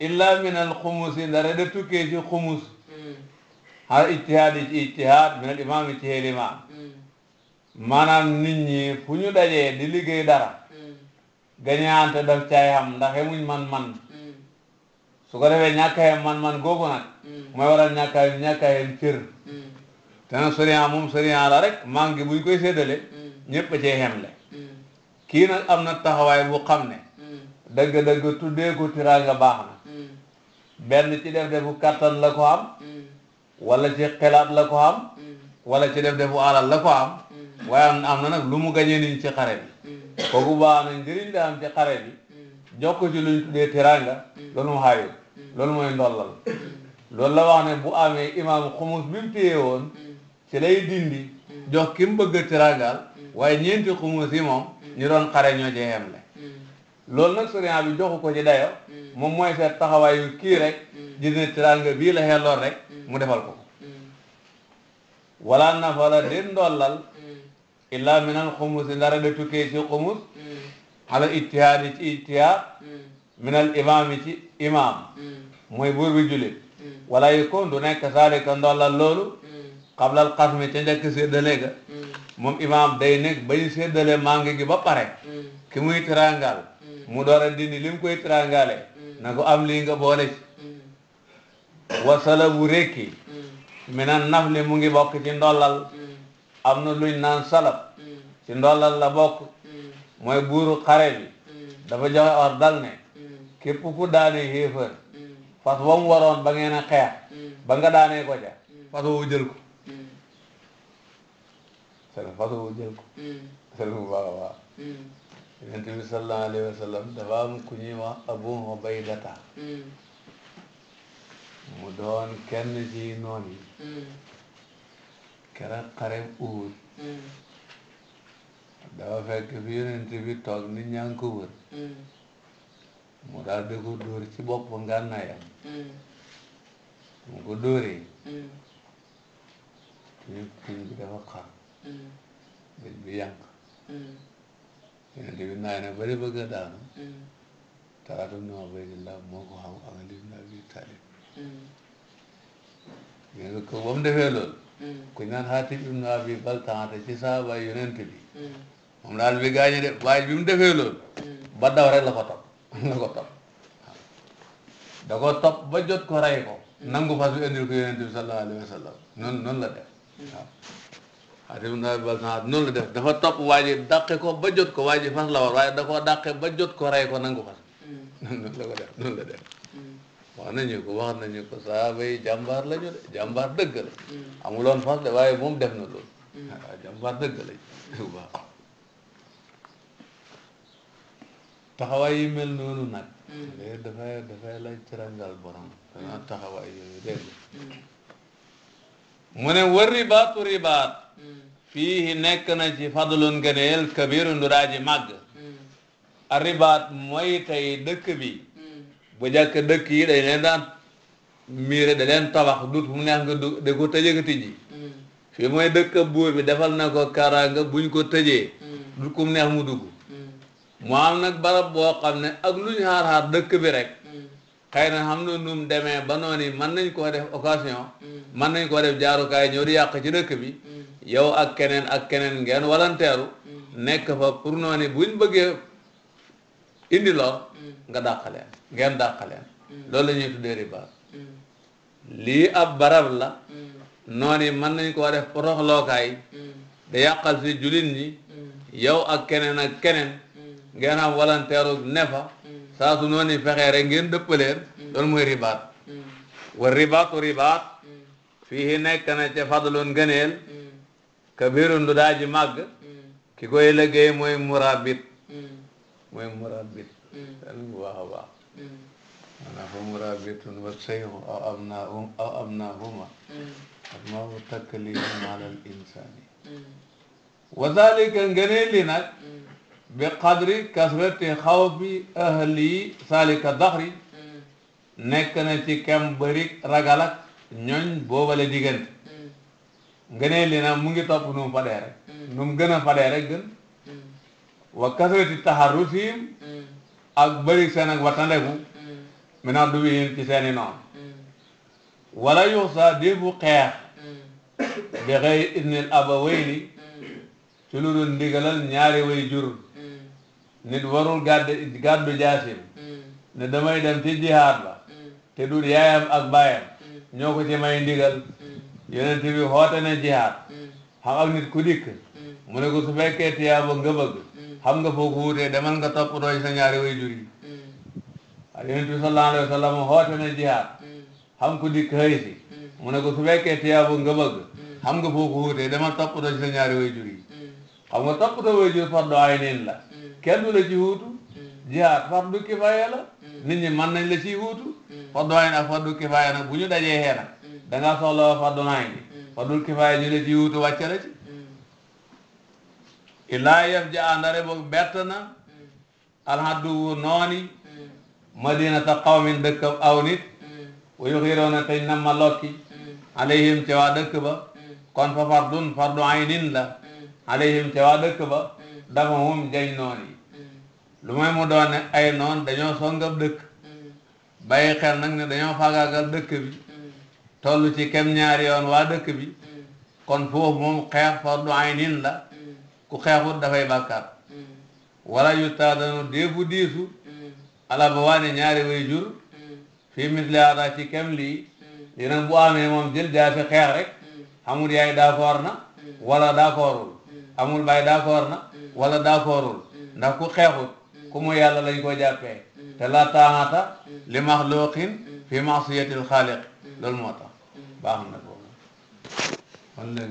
illa min al xumus de tukkee ci xumus xal ijtihaad ci ijtihaad min al ci xel imam maanaam nit ñi fu ñu dajee di liggéey dara gañaante daf caay xam ndaxe muñ man-man su ko defee ñàkk a man-man googu nag mooy waral ñàkk a yem ñàkk a yem cër moom mm. soriant la rek maa ngi buñ koy séddale mm. ñëpp a cee yemle mm. kii nag am na taxawaay bu xam ne dëgg-dëgg tuddee ko tiraanga baax na benn ci def defu kattan la ko am wala ci xelaat la ko am wala ci def defu alal la ko am waaye am na nag lu mu gañee niñ ci xare bi kooku baax na njëriñ la am ci xare bi jox ko ci lu ñu tuddee teraanga loolu mu xaayul loolu mooy mm. ndollal mm. loolu la wax ne bu amee imaam xumus bi mu téye woon mm. ci lay dindi jox ki mu bëgg a waaye ñeenti xumus yi moom ñu doon xare ñoo cee yemle loolu nag sëriñ bi joxu ko ci dayo moom mooy seet taxawaayu kii rek gis ne bii la xelloon rek mu defal ko wala nafala di ndollal illaa minal xumus yi ndara de tukkee ci xumus ala ijtihaadi ci ijtihaad min mm. al imaami ci imaam mm. mooy buur bi jullit ko mm. yakun du nekk zaalika ndollal loolu qabla al qasmi ca njëkk séddale ga moom imaam day nekk bañ séddale mangi gi ba pare ki muy tiraangal mu door a lim li mu koy tiraangale na ko am lii nga boole ci wasala bu rekki minan naf li mu ngi bokk ci ndollal am na luñ naan salab ci ndollal la bokk mooy buuru xare bi mm. dafa joxe ordal ne mm. képp ku daane xéefar mm. fas wam waroon ba ngeen a xeex ba ko ca fas woowu jël ko sel fas woowu jël ko sel bu baax a baax yonent bi dafa am ku ñuy wax Abu Ubaydata mu doon kenn ci noon yi keroog xare Uhud dafa fekk fi yonent bi toog ni ñaa ngi ko wër mm. mu daal di ko dóor ci bopp ngànnaayam mm. mu ko dóoree mm. tuñ tuñ bi dafa xar bëj bi yànq yonent bi naay na bari bëgg a daanu talaata nu Ubaydillah moo ko xam Ali ibn Abi Talib ñene ko ba mu defee loolu ku ñu naan Xaatib ibn Abi Baltaata ci saaba yonent bi moom daal bi gaañu de waaye bi mu defee lool hmm. ba daw la ko topp la ko ba jot ko rey ko hmm. nangu fas bi indil ko yonent bi sallallahu hmm. def dafa topp waa ji ko ba jot ko waa ji la waaye da koo ba jot ko rey ko nangu fas noonu la ko def noonu la def wax nañu ko wax nañu ko saaba yi jàmbaar lañu de jàmbaar dëgg la amuloon fas de waaye moom def na loolu waaw taxawaay yu mel noonu nag léegi mm. dafay dafay mm. mm. mu ne war ribaatu ribaat fii nekk na ci fadlun gëneel kabirun du daaji màgg a ribaat mooy tey dëkk bi bu jàkk dëkk yi dañ leen daan miire da leen tabax dut fu neex nga de ko tëjee nga tijji fii mooy dëkk buur bi defal na ko kaaraanga buñ ko tëjee dut ku mu neex mu dugg mu am nag barab boo xam ne ak lu ñu xaar-xaar dëkk bi rek mm. xëy na xam na num demee ba noonu mën nañ koo def occasion mm. mën nañ koo def jaarukaay ñëw di yàq ci dëkk bi mm. yow ak keneen ak keneen ngeen walanteeru nekk fa pour noonu buñ bëggee indi lor ngeen dàqaleen loolu la ñuy tuddee ab barab la noonu mën nañ koo def poroxlookaay da yàqal si jullit ñi ak keneen ak keneen ngeen am volontaire ne fa mm. saa su noonu fexee rek ngeen dëppaleen mm. loolu mooy ribaat mm. wa ribaatu ribaat fii nekk na ca fadlun ngëneel kabirun du daa ji màgg ki koy liggéey mooy murabit mooy murabit tan bu baax a baax maanaam fa murabitun wa seyhu aw abnaahum aw abnaahuma atmaamu taklifum ala al insani wa dalika ngëneel li nag bi qadri kasrati xawfi ahli salika daxri nekk na ci kem bëri ragal ak ñooñ boobale diggante nga ne mu ngi topp nu mu fadee rek nu mu gën a fadee rek gën wa kasrati taharrusihim ak bëri seen ak wattandeku mi naa du ci seeni noonu wala yuxsa déefu xeex bi xëy idnil abawayni ci lu dul ndigalal ñaari way jur nit warul gàdd gàddu jaasim mm. ne damay dem ci jihaad ba mm. te du yaayam ak baayam mm. ñoo ko ci may ndigal yonent bi xoote na jihaad xam nit ku dikk mu ne ko su fekkee tiyaaba nga bëgg xam nga foo ko wuutee demal nga toppatoo sa ñaari way jur yi waaye yonent mu ne ko su fekkee tiyaaba nga bëgg xam nga foo ko wuutee demal toppatoo sa ñaari way jur yi xam nga toppatoo la kenn du ci wuutu mm. jihaad fardu kifaaya la mm. nit ñi mën nañ la ciy wuutu mm. fardu ayn ak fardu kifaaya nag bu ñu dajee xee nag da ngaa soxla fardu kifaaya ñu la ciy wuutu wàcce la ci illaa yef ja andare boog bett na alhadduwu nooni madinata qawmin dëkk aw nit wa yuxiroona teñ na ma lokki alayhim ca waa dëkk ba kon fa fardun fardu aynin la alayhim ca waa dëkk ba dafa hum jay nooni lu may mu doon ay noon dañoo songab dëkk mm. bàyyi xel nag ne dañoo faagaagal dëkk bi mm. toll ci kem ñaari yoon waa dëkk bi mm. kon foofu moom xeex fardu aynin la ku xeexut dafay bàkkaar wala yu taadanu déebu diisu ala ba waane ñaari way jur fii misli hada ci kem lii li nag bu amee moom jël jaa fi xeex rek amul yaay d'accord na wala d'accordul amul baay d'accord na wala d'accordul ndax ku xeexut ku mu yàlla lañ ko jàppee mm. te la taa'ata mm. li maxluqin fi ma'siyatil xaaliq mm. loolu moo tax baax na boobu